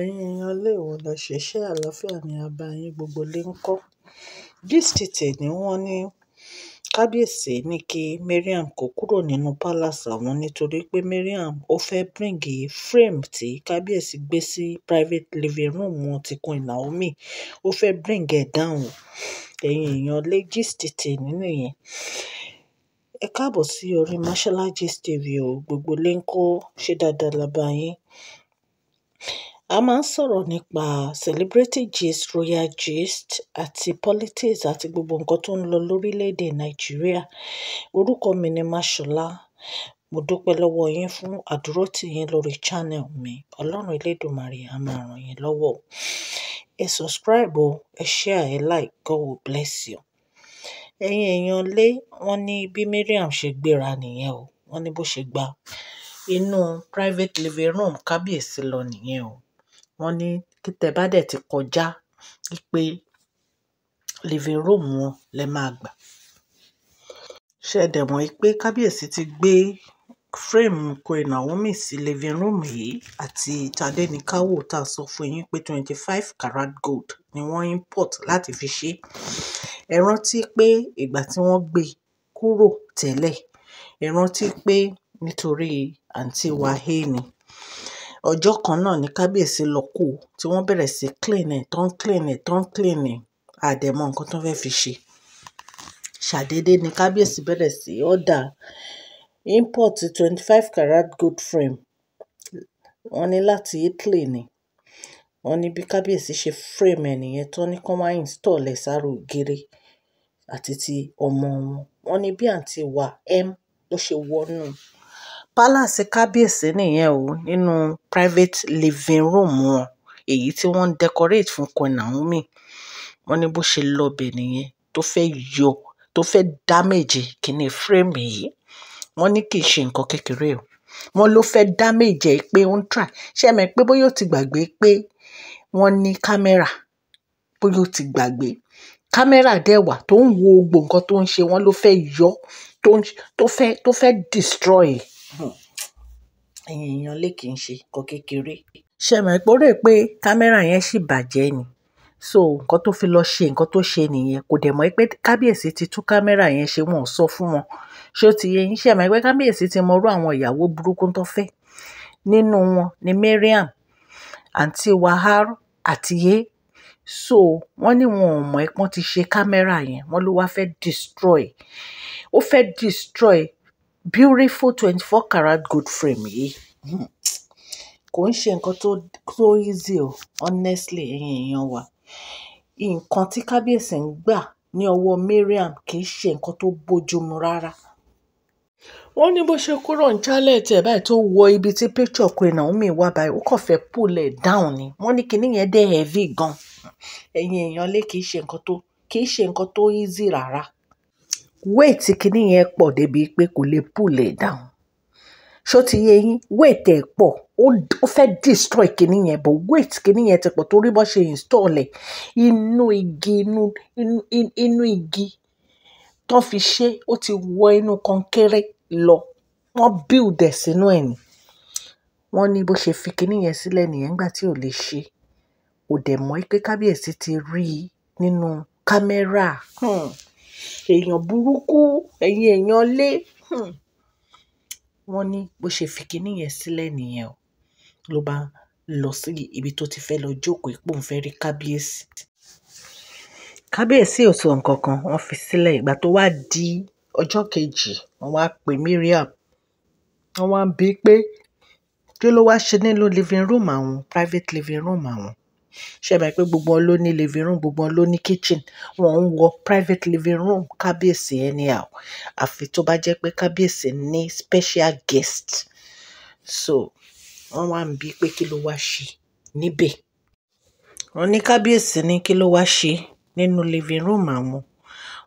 ẹ̀yin èèyàn ilé ìwòran ṣiṣẹ́ àlàáfíà ni a bá yín gbogbo lé ń kọ́ gist tèmi wọ́n ní kábíyèsí ní kí mariam kó kúrò nínú palace àwọn nítorí pé mariam ó fẹ́ bíríngì frame tí kábíyèsí gbé sí private living room wọn ti Queen Naomi ó fẹ́ bíríngì ẹ̀ dáhùn ẹ̀yin èèyàn lé gist tèmi nìyẹn ẹ káàbọ̀ sí orí Mashola Gist TV o gbogbo lé ń kọ́ ṣé dáadáa la bá yín a máa ń sọ̀rọ̀ nípa celebrity gist royal gist àti politics àti gbogbo nǹkan tó ń lọ lórílẹ̀‐èdè nàìjíríà orúkọ mi ni mashola mo dúpẹ́ lọ́wọ́ yín fún àdúrótì yín lórí channel mi ọlọ́run elédùnmarè á máa ràn yín lọ́wọ́ ẹ subscribe o ẹ share ẹ like god will bless you ẹ̀yin èèyàn lé wọn ní bí Mariam ṣe gbéra nìyẹn o wọ́n ní bó ṣe gba inú private living room kábíyèsí lọ nìyẹn o wọ́n ní tẹ́ bá dẹ̀ ti kọjá wípé living room wọn lẹ máa gbà. ṣé dẹ̀ mọ̀ pé kábíyèsí ti gbé frame Queen Naomi sí living room yìí àti Tadéníkáwò tá a sọ fún yín pé twenty five carat gold ni wọ́n import láti fi ṣe. ẹ rántí pé ìgbà tí wọ́n gbé kúrò tẹ́lẹ̀ ẹ pé nítorí àǹtí wa héènì ọjọ́ kan náà ni kábíyèsí lọ́ọ́ kú tí wọ́n bẹ̀rẹ̀ sí clean ẹ̀ tán clean ẹ̀ tán clean ẹ̀ àdẹ̀mọ́ nǹkan tó fẹ́ẹ́ fi ṣe ṣàdédé ni kábíyèsí bẹ̀rẹ̀ sí ọ̀dà import twenty five carat gold frame wọ́n ní láti Italy ni wọ́n ní bí kábíyèsí ṣe frame ẹ̀ nìyẹn tó ní kán wá install ẹ̀ sára ògiri àti ti ọmọ wọn wọ́n ní bí àǹtí wa m ló ṣe wọnú palace kábíyèsí nìyẹn o nínú private living room wọn èyí tí wọ́n ń decorate fún queen naomi wọ́n ní bó ṣe lọ́bẹ̀ nìyẹn tó fẹ́ yọ tó fẹ́ dámèjì kìíní fírèmù yìí wọ́n ní kì í ṣe nǹkan kékeré o wọ́n ló fẹ́ dámèjì ẹ̀ pé ó ń try ṣé mẹ́ pé bóyá ó ti gbàgbé pé wọ́n ní kámẹ́rà bóyá ó ti gbàgbé kámẹ́rà dẹ̀ wà tó ń wo gbogbo nǹkan tó ń ṣe wọ́n ló fẹ́ yọ tó fẹ́ destroy Hmm. ẹ̀yin èèyàn lè kì í ṣe nǹkan kékeré. Ṣé mọ̀ pé ó rò pé kámẹ́rà yẹn sì bàjẹ́ ni? So nǹkan tó fi lọ ṣe nǹkan tó ṣe nìyẹn. Kò dẹ̀ mọ̀ pé kábíyèsí ti tú kámẹ́rà yẹn ṣe wọ́n ò sọ fún wọn. Ṣé ó ti yé yín? Ṣé mọ̀ pé kábíyèsí ti mọ irú àwọn ìyàwó burúkú tó fẹ́? Nínú wọn ni Mariam, àǹtí Wahab àti Yé. So wọ́n ní wọn ò mọ̀ pé wọ́n ti ṣe kámẹ́rà yẹn. Wọ́n ló wá fẹ́ destroy. Ó fẹ́ destroy beautiful twenty four carat gold frame yìí kò ń ṣe nǹkan tó tó easy o honestly ẹ̀yin èèyàn wa nǹkan tí kábíyèsí ń gbà ní ọwọ́ Mariam kì í ṣe nǹkan tó bójúmu rárá wọ́n ní bó ṣe kúrò ní Charlotte ẹ̀ báyìí tó wọ ibi tí picture Queen Naomi wà báyìí ó kàn fẹ́ pull ẹ̀ down ni wọ́n ní kinní yẹn dẹ̀ heavy gan ẹ̀yin èèyàn lé kì í ṣe nǹkan tó kì í ṣe nǹkan tó easy rárá wéètì kínní yẹn pọ̀ débi pé kò lè pull ẹ̀ down ṣó ti yé yín wéètì ẹ̀ pọ̀ ó fẹ́ destroy kínní yẹn but wait kínní yẹn ti pọ̀ torí bó ṣe install ẹ̀ inú igi inú inú igi tán fi ṣe ó ti wọ inú kọnkéré lọ wọ́n build ẹ̀ sínú ẹ̀ ni wọ́n ní bó ṣe fi kínní yẹn sílẹ̀ nìyẹn nígbà tí ò lè ṣe ò dẹ̀ mọ́ pé kábíyèsí ti rí i nínú kámẹ́rà. Hmm èèyàn burúkú ẹ̀yin èèyàn lé hmm. wọ́n ní bó ṣe fi kinní yẹn sílẹ̀ nìyẹn o ló bá lọ sí ibi tó ti fẹ́ lọ jókòó ipò ń fẹ́ rí kábíyèsí kábíyèsí ò sọ nǹkan kan wọ́n fi sílẹ̀ ìgbà tó wá di ọjọ́ kejì wọ́n wá pè Miriam wọ́n wá ń bi pé kí ló wá ṣe nínú living room àwọn private living room àwọn ṣe mọ̀ pé gbogbo wọn ló ní living room gbogbo wọn ló ní kitchen wọn ń wọ private living room kábíyèsí anyhow àfi tó bá jẹ́ pé kábíyèsí ní special guest so wọ́n wá ń bi pé kí ló wá ṣe níbẹ̀ wọ́n ní kábíyèsí ní kí ló wá ṣe nínú living room àwọn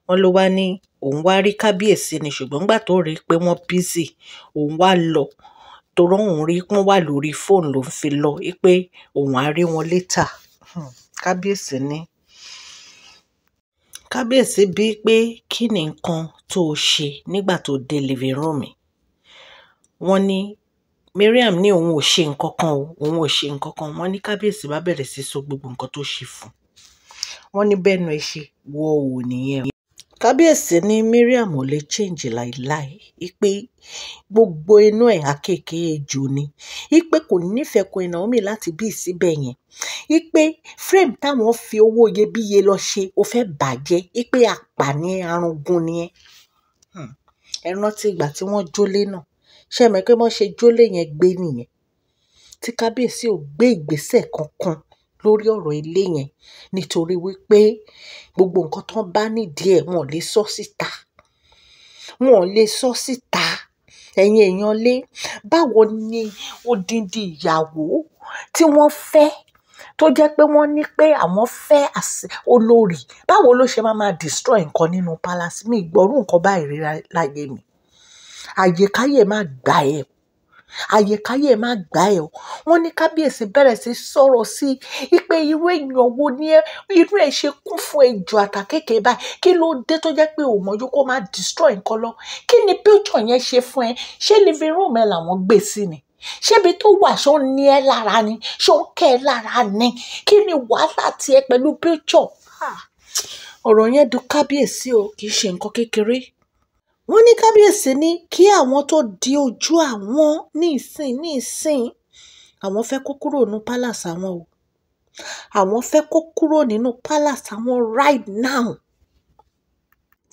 wọ́n ló wá ní òun wá rí kábíyèsí ni ṣùgbọ́n gbà tó rí i pé wọ́n busy òun wá lọ torí òun rí pọ́n wà lórí fóònù ló ń fi lọ pé òun á rí wọn létà hmm, kábíyèsí ni kábíyèsí bíi pé kí ni nǹkan tó o ṣe nígbà tó dé living room mi wọ́n ní Mariam ní òun ò ṣe nǹkan kan òun ò ṣe nǹkan kan wọ́n ní kábíyèsí bá bẹ̀rẹ̀ sí sọ gbogbo nǹkan tó ṣe fún un wọ́n bẹ́ẹ̀ nu ẹ ṣe wọ ò nìyẹn kábíyèsí ni mariam ò lè change láéláé ipe gbogbo inú ẹ̀ akéèké ejò ni ipe kò nífẹ̀ẹ́ Queen Naomi láti bí síbẹ̀ yẹn ipe frame táwọn fi owó iyebíye lọ ṣe ó fẹ́ bàjẹ́ ipe àpàní arúngun ni ẹ hmm. ẹ rántí ìgbà tí wọ́n jólé náà ṣe mọ̀ pé wọ́n ṣe jólé yẹn gbé nìyẹn tí kábíyèsí ò gbé ìgbésẹ̀ kankan lórí ọ̀rọ̀ ilé yẹn nítorí wípé gbogbo nǹkan tó bá nídìí ẹ̀ wọn ò lè sọ síta wọn ò lè sọ síta ẹ̀yin èèyàn lé báwo ni odindi ìyàwó tí wọ́n fẹ́ tó jẹ́ pé wọ́n ní pé àwọn fẹ́ olórí báwo ló ṣe máa máa destroy nǹkan nínú palace mi ìgbọ́rú nǹkan báyìí rí láyé mi àyèkáyè má gbà ẹ̀ àyèkáyè má gbà ẹ o wọ́n ní kábíyèsí bẹ̀rẹ̀ sí sọ̀rọ̀ sí i pé irú èèyàn wo ni ẹ irú ẹ ṣe kún fún ejò àtàkékè báyìí kí ló dé tó jẹ́ pé òmọjú kó má destroy nǹkan lọ kí ni picture yẹn ṣe fún ẹ ṣé living room ẹ làwọn gbé sí ni ṣébi tó wà ṣó ń ní ẹ lára ni ṣó ń kẹ́ ẹ lára ni kí ni wàhálà tiẹ̀ pẹ̀lú picture ọ̀rọ̀ yẹn du kábíyèsí o kì í ṣe nǹkan kékeré wọ́n ní kábíyèsí ní kí àwọn tó di ojú àwọn nísìn nísìn àwọn fẹ́ kó kúrò nínú palace àwọn o àwọn fẹ́ kó kúrò nínú palace àwọn right now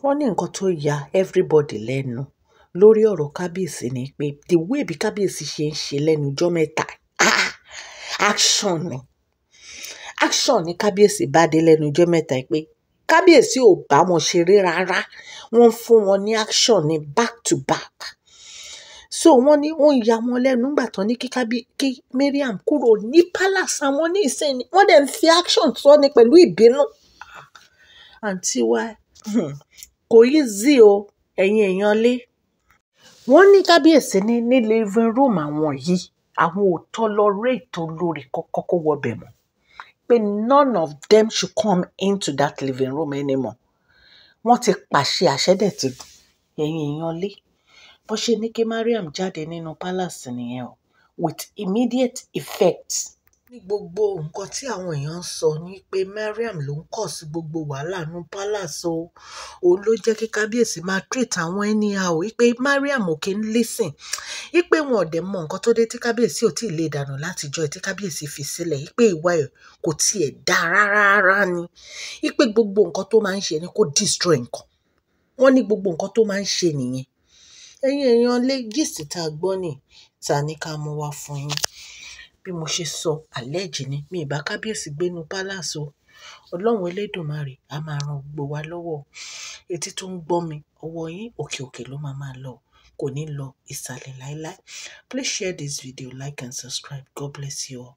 wọ́n ní nǹkan tó ya everybody lẹ́nu lórí ọ̀rọ̀ kábíyèsí ni pé the way bí kábíyèsí ṣe ń ṣe lẹ́nu ọjọ́ mẹ́ta ah, action ni action ni kábíyèsí bá dé lẹ́nu ọjọ́ mẹ́ta pé kábíyèsí ò bá wọn ṣeré rárá wọ́n fún wọn ní action ní back to back so wọ́n ní wọ́n ya wọn lẹ́nu nígbà tán ní kí kábí kí Mariam kúrò ní palace àwọn ní ìsìn wọ́n dẹ̀ ń fi action sọ ni pẹ̀lú ìbínú àǹtí wa hmm, kò yí zi o ẹ̀yin èèyàn lé wọ́n ní kábíyèsí ní ní living room àwọn yìí àwọn ò tolerate olórí kọ́kọ́ kó wọbẹ̀ mọ́ pé none of them should come into that living room anymore wọ́n ti pàṣẹ àṣẹ́dẹ̀ ti ẹ̀yìn èèyàn lé bó ṣe ní kí Mariam jáde nínú palace nìyẹn o with immediate effect ní gbogbo nǹkan tí àwọn èèyàn ń sọ ni pé mariam ló ń kọ̀ sí gbogbo wàhálà nu palace o òun ló jẹ́ kí kábíyèsí máa treat àwọn ẹni a ò wípé mariam ò kí ń listen wípé wọn ò dẹ̀ mọ nǹkan tó dé tí kábíyèsí ò tí ì lè dànù látijọ́ tí kábíyèsí fi sílẹ̀ wípé ìwà ẹ̀ kò tiẹ̀ dá rárá ni wípé gbogbo nǹkan tó máa ń ṣe ni kò destroy nǹkan wọ́n ní gbogbo nǹkan tó máa ń ṣe nìyẹn ẹ̀yin èèyàn lé gist tá a gbọ́ ni ta ni ká mú wá fún yín bí mo ṣe sọ àlẹ́ ni mi ìbá kábíyèsí gbénu pálàsì ọlọ́run elédùnmarè a máa ran gbogbo wa lọ́wọ́ etí tó ń gbọ́ mi ọwọ́ yín òkè òkè ló máa máa lọ kò ní lọ ìsàlẹ̀ láéláé please share this video like and subscribe god bless you all.